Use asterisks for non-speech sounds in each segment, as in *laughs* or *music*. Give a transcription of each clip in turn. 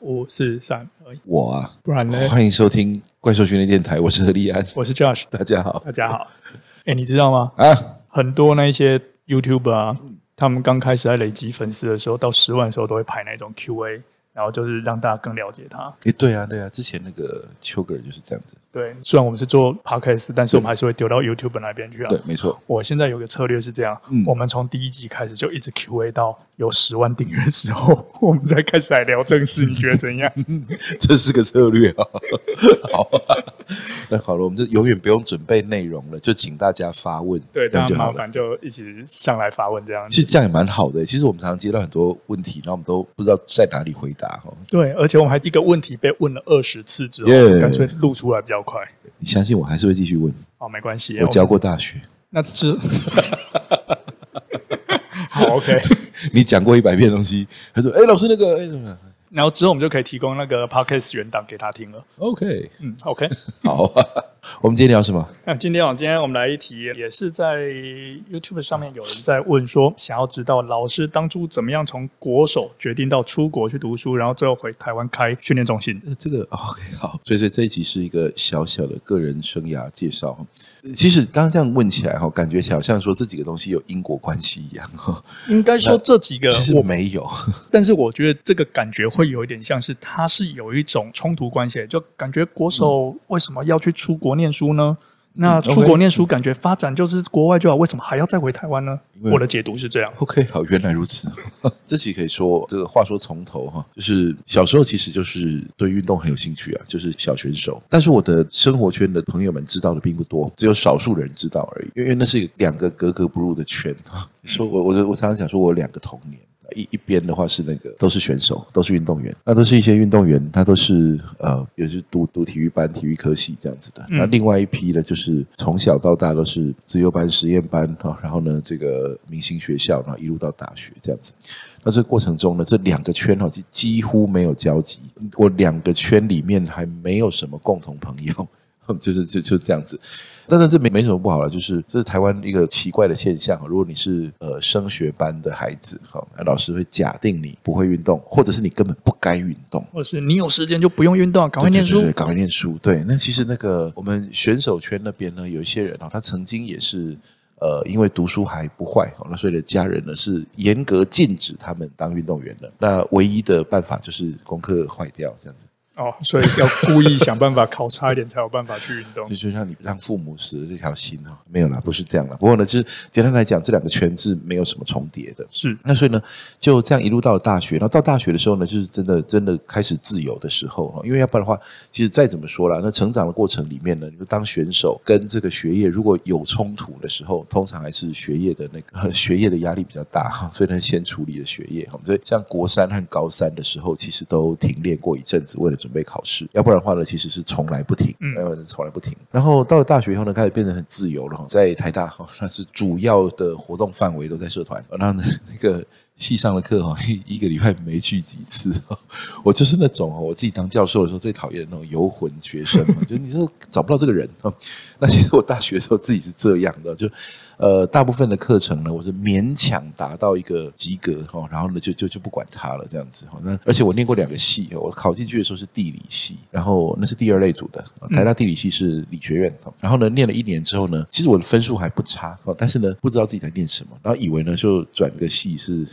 五四三二一，我啊，不然呢？歡迎收聽《怪獸訓練電臺》，我是何立安，我是 Josh，大家好，大家好。誒、 *laughs* 欸，你知道嗎？啊，很多那些 YouTuber 啊，他們剛開始在累積粉絲的時候，到十萬的時候，都會拍那種 QA。然後就是讓大家更了解他、欸。誒，對啊，對啊，之前那個秋哥就是這樣子。對，雖然我們是做 podcast，但是我們還是會丟到 YouTube 那邊去啊對。對，沒錯。我現在有個策略是這樣：嗯、我們從第一集開始就一直 Q A 到有十萬訂閱的時候，我們再開始來聊正事。你覺得怎樣？ *laughs* 這是個策略啊。 *laughs* 好啊。 *laughs* 那好了，我們就永遠不用準備內容了，就請大家發問。對，那麻煩就一起上來發問這樣。其實這樣也蠻好的、欸。其實我們常常接到很多問題，然後我們都不知道在哪裡回答。對，而且我們還一個問題被問了二十次之後，乾、yeah、脆錄出來比較快、yeah。你相信我還是會繼續問？哦，沒關係，我教過大學、okay。那這 *laughs* *laughs* 好 OK， *laughs* 你講過一百遍東西，他說：“哎，老師那個、欸，哎然後之後我們就可以提供那個 podcast 原檔給他聽了 OK、嗯。OK，嗯 *laughs* ，OK，好啊。我們今天聊什麼？今天我們今天我們來一題，也是在 YouTube 上面有人在問說，想要知道老師當初怎麼樣從國手決定到出國去讀書，然後最後回台灣開訓練中心。這個 OK 好，所以這這一集是一個小小的個人生涯介紹。其實剛剛這樣問起來哈，感覺好像說這幾個東西有因果關係一樣哈。應該說這幾個我沒有，但是我覺得這個感覺會有一點像是，它是有一種衝突關係，就感覺國手為什麼要去出國呢？念書呢？那出國念書感覺發展就是國外就好，為什麼還要再回台灣呢？我的解讀是這樣。OK，好，原來如此。 *laughs* 這期可以說這個話說從頭哈，就是小時候其實就是對運動很有興趣啊，就是小選手。但是我的生活圈的朋友們知道的並不多，只有少數人知道而已。因為那是一個兩個格格不入的圈。哈， *laughs* 說我，我就我常常想說我兩個童年。一一邊的話是那個都是選手，都是運動員，那都是一些運動員，他都是呃，也就是讀讀體育班、體育科系這樣子的。那另外一批呢，就是從小到大都是自由班、實驗班哈，然後呢，這個明星學校，然後一路到大學這樣子。那這個過程中呢，這兩個圈哈、哦，就幾乎沒有交集，我兩個圈裡面還沒有什麼共同朋友，就是就就這樣子。但是這沒沒什麼不好了，就是這是台灣一個奇怪的現象。如果你是呃升學班的孩子，那老師會假定你不會運動，或者是你根本不該運動，或者是你有時間就不用運動，趕快念書，對對對對，趕快念書。對，那其實那個我們選手圈那邊呢，有一些人啊，他曾經也是呃因為讀書還不壞，那所以的家人呢是嚴格禁止他們當運動員的。那唯一的辦法就是功課壞掉，這樣子。哦、oh,，所以要故意想辦法考差一點，才有辦法去運動。 *laughs* 就像你讓父母死了這條心啊？沒有啦，不是這樣啦。不過呢，就是簡單來講，這兩個圈子沒有什麼重疊的。是。那所以呢，就這樣一路到了大學，然後到大學的時候呢，就是真的真的開始自由的時候啊，因為要不然的話，其實再怎麼說啦，那成長的過程裡面呢，你就當選手跟這個學業如果有衝突的時候，通常還是學業的那個學業的壓力比較大，所以呢先處理了學業。所以像國三和高三的時候，其實都停練過一陣子，為了。準備考試，要不然的話呢，其實是從來不停，嗯，從來不停。然後到了大學以後呢，開始變得很自由了。在台大，哈，那是主要的活動範圍都在社團，然後呢，那個。系上的課哈，一一個禮拜沒去幾次，我就是那種我自己當教授的時候最討厭的那種遊魂學生嘛，就你說找不到這個人，那其實我大學的時候自己是這樣的，就呃大部分的課程呢，我是勉強達到一個及格哈，然後呢就，就就就不管他了這樣子哈，那而且我念過兩個系，我考進去的時候是地理系，然後那是第二類組的，台大地理系是理學院，然後呢念了一年之後呢，其實我的分數還不差，但是呢不知道自己在念什麼，然後以為呢就轉個系是。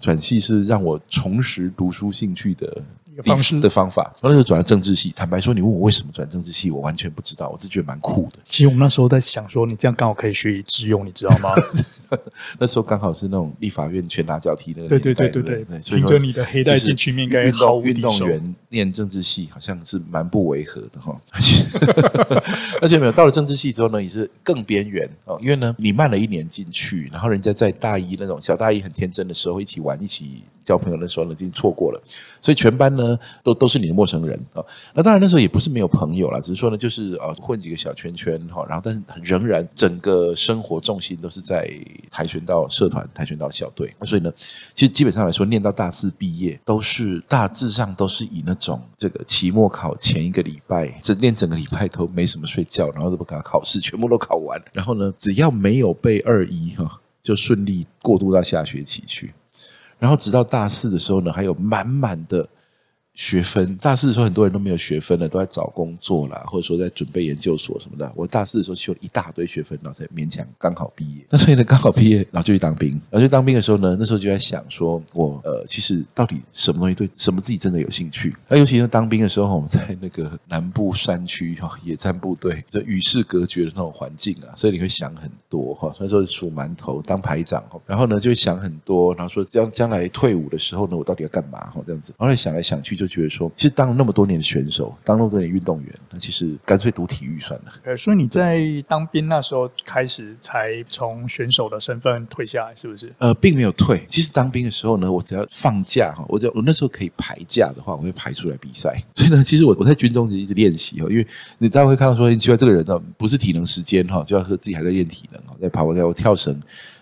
轉系是讓我重拾讀書興趣的方式的方法，所以就轉了政治系。坦白說，你問我為什麼轉政治系，我完全不知道。我是覺得蠻酷的。其實我們那時候在想說，你這樣剛好可以學以致用，你知道嗎？ *laughs* 那時候剛好是那種立法院拳打腳踢的。對對對對對，對，憑着你的黑帶進去應該毫無念政治系好像是蠻不違和的哈， *laughs* *laughs* 而且沒有到了政治系之後呢，也是更邊緣哦，因為呢，你慢了一年進去，然後人家在大一那種小大一很天真的時候一起玩、一起交朋友的時候呢，已經錯過了，所以全班呢都都是你的陌生人。那當然那時候也不是沒有朋友了，只是說呢，就是呃混幾個小圈圈哈，然後但是仍然整個生活重心都是在跆拳道社團、跆拳道小隊，所以呢，其實基本上來說，念到大四畢業都是大致上都是以那種。這個期末考前一個禮拜，整天整個禮拜都沒什麼睡覺，然後都不敢考試，全部都考完。然後呢，只要沒有被二一哈、哦，就順利過渡到下學期去。然後直到大四的時候呢，還有滿滿的學分，大四的時候很多人都沒有學分了，都在找工作啦，或者說在準備研究所什麼的。我大四的時候修了一大堆學分，然後才勉強剛好畢業。那所以呢，剛好畢業然後就去當兵，然後去當兵的時候呢，那時候就在想說，我呃，其實到底什麼東西對什麼自己真的有興趣？那、啊、尤其是當兵的時候我們在那個南部山區哈、哦，野戰部隊就與世隔絕的那種環境啊，所以你會想很多哈、哦。那時候數饅頭當排長，然後呢就會想很多，然後說將將來退伍的時候呢，我到底要幹嘛哈、哦？這樣子，然後來想來想去就。就覺得說，其實當了那麼多年的選手，當那麼多年運動員，那其實乾脆讀體育算了。呃，所以你在當兵那時候開始，才從選手的身份退下來，是不是？呃，並沒有退。其實當兵的時候呢，我只要放假哈，我只要我那時候可以排假的話，我會排出來比賽。所以呢，其實我我在軍中一直練習，因為你大家會看到說，你奇怪，這個人呢不是體能時間哈，就要說自己還在練體能，在跑，我在跳繩。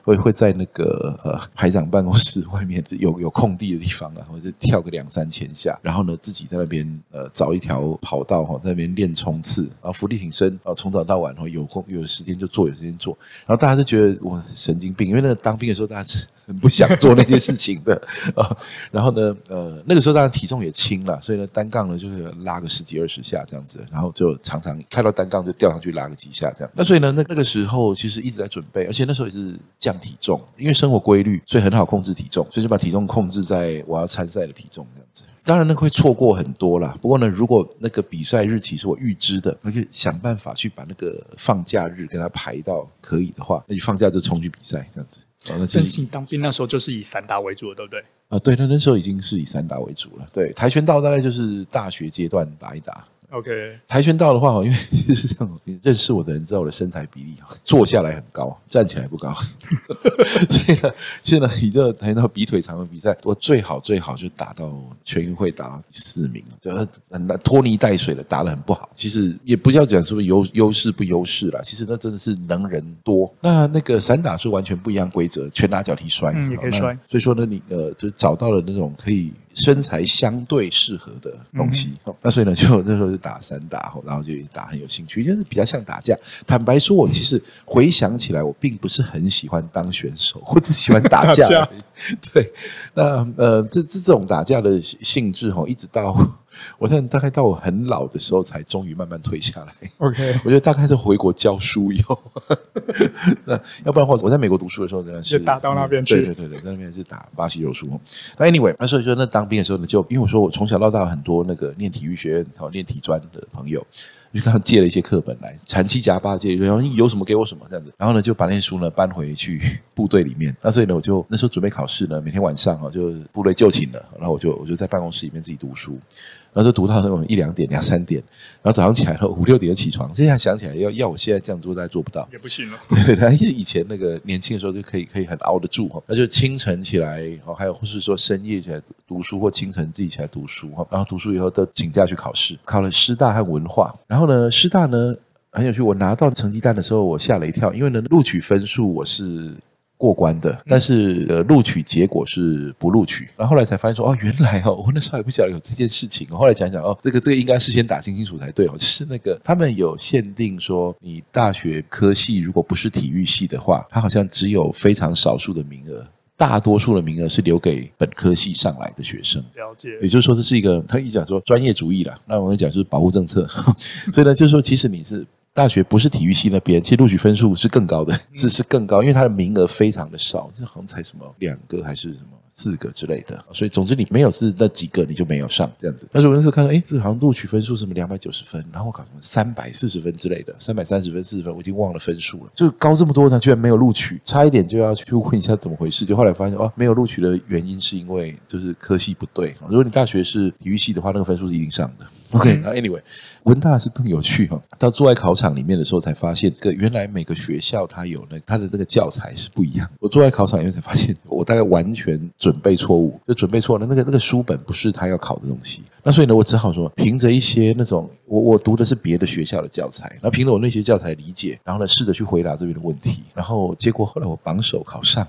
會會在那個呃排長辦公室外面有有空地的地方啊，我就跳個兩三千下，然後呢自己在那邊呃找一條跑道哈、哦，在那邊練衝刺，然後伏地挺身，啊，從早到晚哈、哦、有空有，有時間就做，有時間做，然後大家就覺得我神經病，因為那個當兵的時候大家吃。很不想做那些事情的啊， *laughs* 然後呢，呃，那個時候當然體重也輕了，所以呢單槓呢就是拉個十幾二十下這樣子，然後就常常看到單槓就吊上去拉個幾下這樣。那所以呢，那那個時候其實一直在準備，而且那時候也是降體重，因為生活規律，所以很好控制體重，所以就把體重控制在我要參賽的體重這樣子。當然那會錯過很多啦。不過呢，如果那個比賽日期是我預知的，那就想辦法去把那個放假日給它排到可以的話，那就放假就衝去比賽這樣子。啊、那其實但是你當兵那時候就是以散打為主的，對不對？啊，對，他那時候已經是以散打為主了。對，跆拳道大概就是大學階段打一打。OK，跆拳道的話，因為是這樣，你認識我的人知道我的身材比例，坐下來很高，站起來不高， *laughs* *laughs* 所以呢，所以呢，你這跆拳道比腿長的比賽，我最好最好就打到全運會打到第四名，就很拖泥帶水的打得很不好。其實也不要講是不是優優勢不優勢啦，其實那真的是能人多。那那個散打是完全不一樣規則，拳打腳踢摔，嗯，也可以摔。所以說呢，你呃，就找到了那種可以。身材相對適合的東西，嗯，那所以呢，就那時候就打散打，然後就打很有興趣，就是比較像打架。坦白說，我其實回想起來，我並不是很喜歡當選手，我只喜歡打架。對，那呃，這這種打架的性質，吼，一直到。我現在大概到我很老的時候，才終於慢慢退下來。OK，我覺得大概是回國教書以後， *laughs* 那要不然的話，我在美國讀書的時候呢，是打到那邊去，嗯，對對，對對對，在那邊是打巴西柔術。那 Anyway，那所以說，那當兵的時候呢，就因為我說我從小到大很多那個念體育學院還有念體專的朋友，就跟他借了一些課本來，雜七夾八借一堆，然後你有什麼給我什麼這樣子。然後呢，就把那些書呢搬回去部隊裡面。那所以呢，我就那時候準備考試呢，每天晚上，哦、就部隊就寢了，然後我就我就在辦公室裡面自己讀書。然後就讀到那種一兩點、兩三點，然後早上起來後五六點起床。現在想起來要，要要我現在這樣做，再做不到也不行了。對，他是以前那個年輕的時候就可以可以很熬得住哈。那就清晨起來哦，還有或是說深夜起來讀書，或清晨自己起來讀書哈。然後讀書以後都請假去考試，考了師大和文化。然後呢，師大呢很有趣，我拿到成績單的時候我嚇了一跳，因為呢錄取分數我是。過關的，但是，嗯、呃，錄取結果是不錄取。然後後來才發現說，哦，原來哦，我那時候還不曉得有這件事情。後來想想，哦，這個這個應該事先打聽清楚才對哦。就是那個他們有限定說，你大學科系如果不是體育系的話，他好像只有非常少數的名額，大多數的名額是留給本科系上來的學生。了解，也就是說，這是一個他一講說專業主義啦。那我們講就是保護政策，呵呵，所以呢，就是說其實你是。 *laughs* 大學不是體育系那邊，其實錄取分數是更高的，是是更高，因為它的名額非常的少，這好像才什麼兩個還是什麼四個之類的，所以總之你沒有是那幾個，你就沒有上這樣子。但是我那時候看到，哎、欸，這好像錄取分數什麼兩百九十分，然後我考什麼三百四十分之類的，三百三十分四十分，我已經忘了分數了，就高這麼多呢，他居然沒有錄取，差一點就要去問一下怎麼回事，就後來發現哦、啊，沒有錄取的原因是因為就是科系不對，如果你大學是體育系的話，那個分數是一定上的。OK，那 Anyway，文大是更有趣哈、哦。到坐在考場裡面的時候，才發現個原來每個學校它有那它的那個教材是不一樣的。我坐在考場，因為才發現，我大概完全準備錯誤，就準備錯了那個那個書本不是他要考的東西。那所以呢，我只好說憑着一些那種我我讀的是別的學校的教材，然後憑着我那些教材理解，然後呢試着去回答這邊的問題，然後結果後來我榜首考上。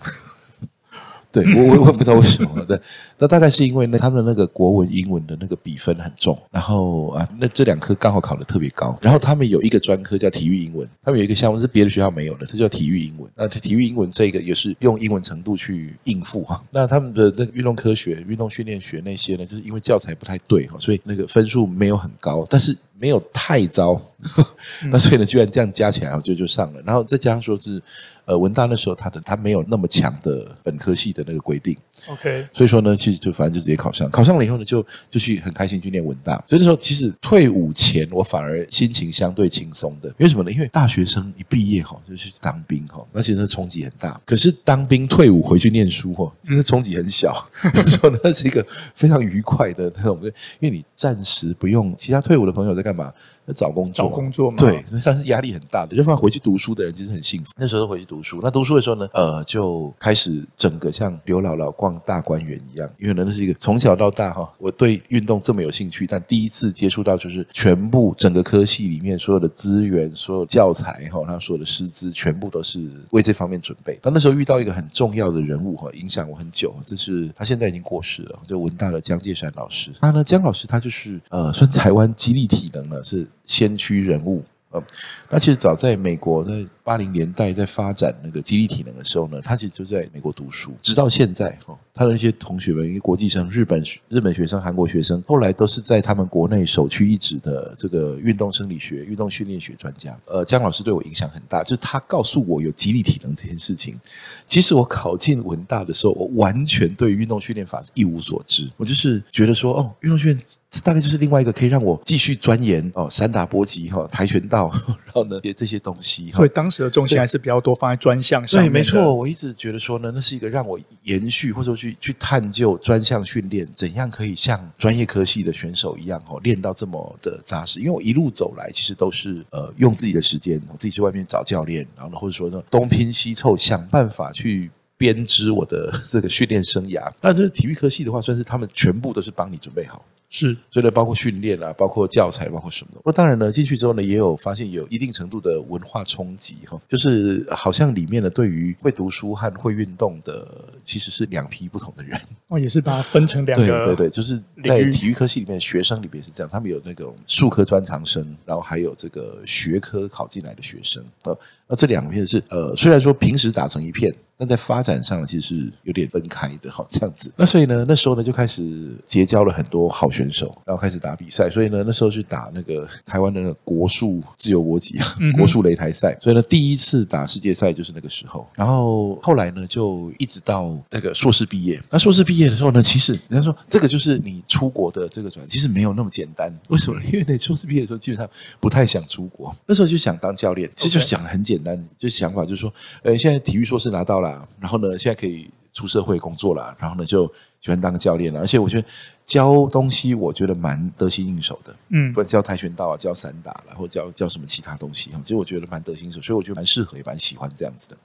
對，我我我不知道為什麼，對，那大概是因為呢，他們那個國文、英文的那個比分很重，然後啊，那這兩科剛好考得特別高，然後他們有一個專科叫體育英文，他們有一個項目是別的學校沒有的，這叫體育英文。那體育英文這個也是用英文程度去應付哈。那他們的那運動科學、運動訓練學那些呢，就是因為教材不太對哈，所以那個分數沒有很高，但是沒有太糟。呵， *laughs* 那所以呢，居然這樣加起來就就上了，然後再加上說是，呃，文大那時候他的他沒有那麼強的本科系的那個規定，OK，所以說呢，其實就反正就直接考上，考上了以後呢，就就去很開心去念文大，所以那時候其實退伍前我反而心情相對輕鬆的，為什麼呢？因為大學生一畢業齁就去當兵齁，那其實衝擊很大，可是當兵退伍回去念書哦，其實衝擊很小，就是、那時候呢，是一個非常愉快的那種， *laughs* 因為你暫時不用，其他退伍的朋友在幹嘛？找工作，找工作嘛，對，但是壓力很大的。就算回去讀書的人其實很幸福。那時候回去讀書，那讀書的時候呢，呃，就開始整個像劉姥姥逛大觀園一樣，因為呢那是一個從小到大哈、哦，我對運動這麼有興趣，但第一次接觸到就是全部整個科系裡面所有的資源、所有教材哈，他、哦、所有的師資全部都是為這方面準備。那那時候遇到一個很重要的人物哈、哦，影響我很久，這是他現在已經過世了，就文大的江界山老師。他、啊、呢，江老師他就是呃，算台灣肌力體能了，是。先驅人物，呃，那其實早在美國在八零年代在發展那個肌力體能的時候呢，他其實就在美國讀書，直到現在哦。他的那些同學們，因為國際生、日本日本學生、韓國學生，後來都是在他們國內首屈一指的這個運動生理學、運動訓練學專家。呃，江老師對我影響很大，就是他告訴我有肌力體能這件事情。其實我考進文大的時候，我完全對運動訓練法是一無所知，我就是覺得說，哦，運動訓練這大概就是另外一個可以讓我繼續鑽研哦，散打波及、搏擊、哈、跆拳道，然後呢，也這些東西。所以、哦、當時。重心還是比較多放在專項上面。對，對，沒錯，我一直覺得說呢，那是一個讓我延續或者說去去探究專項訓練怎樣可以像專業科系的選手一樣哦，練到這麼的扎實。因為我一路走來，其實都是呃用自己的時間，我自己去外面找教練，然後呢或者說呢東拼西湊，想辦法去編織我的這個訓練生涯。那這個體育科系的話，算是他們全部都是幫你準備好。是，所以呢，包括訓練啊，包括教材，包括什麼的。不過當然呢，進去之後呢，也有發現有一定程度的文化衝擊哈，就是好像裡面呢，對於會讀書和會運動的，其實是兩批不同的人。哦，也是把它分成兩個。對對對，就是在體育科系裡面，學生裡面是這樣，他們有那種術科專長生，然後還有這個學科考進來的學生。呃。那這兩個片是呃，雖然說平時打成一片，但在發展上其實是有點分開的，好這樣子。那所以呢，那時候呢就開始結交了很多好選手，然後開始打比賽。所以呢，那時候去打那個台灣的那個國術自由搏擊啊，國術擂台賽。嗯。所以呢，第一次打世界賽就是那個時候。然後後來呢，就一直到那個碩士畢業。那碩士畢業的時候呢，其實人家說這個就是你出國的這個轉，其實沒有那麼簡單。為什麼？因為那碩士畢業的時候基本上不太想出國，那時候就想當教練，其實就想很簡單。Okay. 簡單，就想法就是說，呃、欸，現在體育碩士拿到了，然後呢，現在可以出社會工作了，然後呢，就喜歡當個教練了，而且我覺得教東西，我覺得蠻得心應手的，嗯，不管教跆拳道啊，教散打，然後教教什麼其他東西，所以我覺得蠻得心應手，所以我覺得蠻適合，也蠻喜歡這樣子的。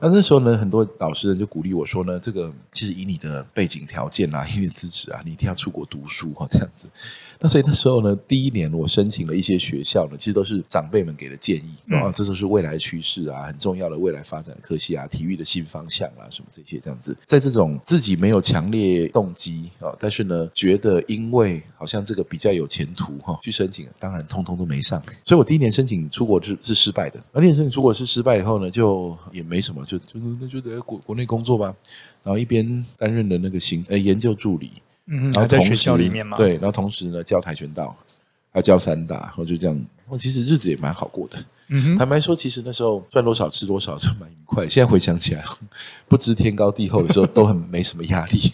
那那時候呢，很多老師呢就鼓勵我說呢：“這個其實以你的背景條件啊，以你的資質啊，你一定要出國讀書哈、哦，這樣子。”那所以那時候呢，第一年我申請了一些學校呢，其實都是長輩們給的建議啊，這就是未來的趨勢啊，很重要的未來發展的科系啊，體育的新方向啊，什麼這些這樣子。在這種自己沒有強烈動機啊、哦，但是呢，覺得因為好像這個比較有前途哈、哦，去申請，當然通通都沒上。所以我第一年申請出國是是失敗的。而第一年申請出國是失敗以後呢，就也沒什麼。就就那就得國，國國內工作吧，然後一邊擔任的那個行、欸、研究助理，嗯，然後在學校裡面嘛，對，然後同時呢教跆拳道，還教散打，然後就這樣，我其實日子也蠻好過的、嗯哼。坦白說，其實那時候賺多少吃多少就蠻愉快。現在回想起來，不知天高地厚的時候都很沒什麼壓力。 *laughs*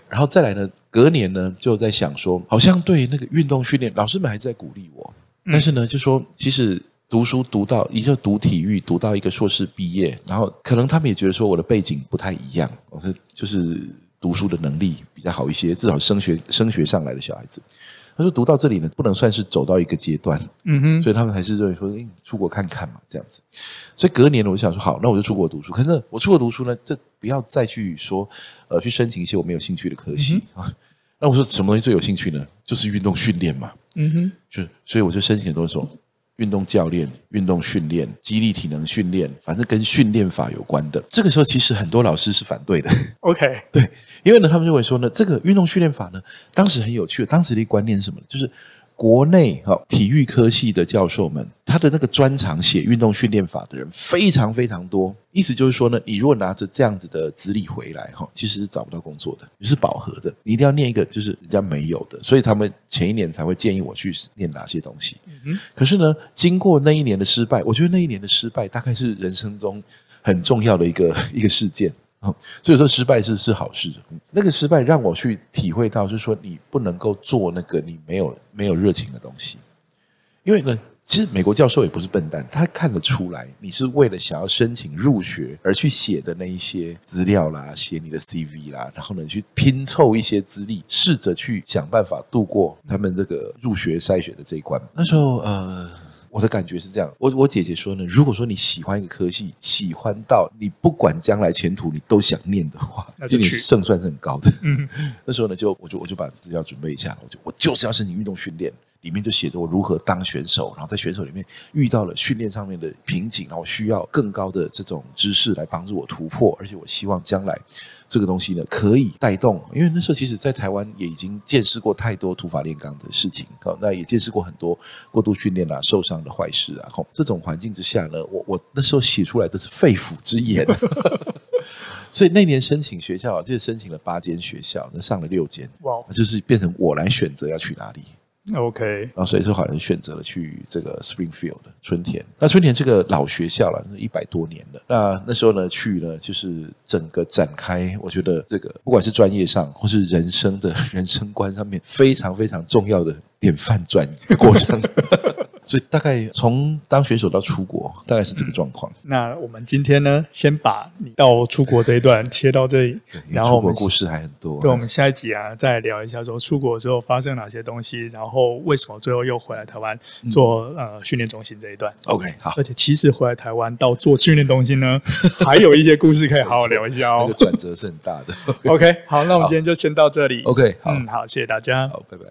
*laughs* 然後再來呢，隔年呢就在想說，好像對那個運動訓練，老師們還是在鼓勵我，但是呢、嗯、就說其實。讀書讀到，也就是讀體育，讀到一個碩士畢業，然後可能他們也覺得說我的背景不太一樣，我是就是讀書的能力比較好一些，至少升學升學上來的小孩子，他說讀到這裡呢，不能算是走到一個階段，嗯哼，所以他們還是認為說，誒，出國看看嘛，這樣子，所以隔年我就想說好，那我就出國讀書，可是我出國讀書呢，這不要再去說，呃，去申請一些我沒有興趣的科系啊，嗯、 *laughs* 那我說什麼東西最有興趣呢？就是運動訓練嘛，嗯哼，就所以我就申請的時候。運動教練、運動訓練、肌力體能訓練，反正跟訓練法有關的，這個時候其實很多老師是反對的。OK，對，因為呢，他們認為說呢，這個運動訓練法呢，當時很有趣，當時的一個觀念是什麼呢？就是。國內哈體育科系的教授們，他的那個專長寫運動訓練法的人非常非常多。意思就是說呢，你如果拿着這樣子的資歷回來哈，其實是找不到工作的，是飽和的。你一定要念一個就是人家沒有的，所以他們前一年才會建議我去念哪些東西。可是呢，經過那一年的失敗，我覺得那一年的失敗大概是人生中很重要的一個一個事件。嗯，所以說失敗是是好事。那個失敗讓我去體會到，就是說你不能夠做那個你沒有沒有熱情的東西。因為呢，其實美國教授也不是笨蛋，他看得出來你是為了想要申請入學而去寫的那一些資料啦，寫你的 CV 啦，然後呢去拼湊一些資歷，試着去想辦法度過他們這個入學篩選的這一關。那時候呃。我的感覺是這樣，我我姐姐說呢，如果說你喜歡一個科系，喜歡到你不管將來前途你都想念的話，那就你勝算是很高的。那， *laughs* 那時候呢，就我就我就把資料準備一下，我就我就是要申請運動訓練。裡面就寫着我如何當選手，然後在選手裡面遇到了訓練上面的瓶頸，然後需要更高的這種知識來幫助我突破，而且我希望將來這個東西呢可以帶動。因為那時候其實，在台灣也已經見識過太多土法煉鋼的事情，那也見識過很多過度訓練啊、受傷的壞事啊。這種環境之下呢，我我那時候寫出來的是肺腑之言。 *laughs* *laughs* 所以那年申請學校，就是申請了八間學校，那上了六間，哇，就是變成我來選擇要去哪裡。OK，然後所以說，好像選擇了去這個 Springfield 春田。那春田這個老學校了，就是一百多年的。那那時候呢，去呢，就是整個展開，我覺得這個不管是專業上，或是人生的人生觀上面，非常非常重要的典範轉移的過程。 *laughs* 所以大概從當選手到出國，大概是這個狀況，嗯。那我們今天呢，先把你到出國這一段切到這裡，然後我們故事還很多。對，我們下一集啊，再聊一下說出國之後發生哪些東西，然後為什麼最後又回來台灣做，嗯、呃訓練中心這一段。OK，好。而且其實回來台灣到做訓練中心呢，還有一些故事可以好好聊一下哦。這 *laughs* 個轉折是很大的 okay。OK，好，那我們今天就先到這裡。OK，好，嗯，好，謝謝大家，好，拜拜。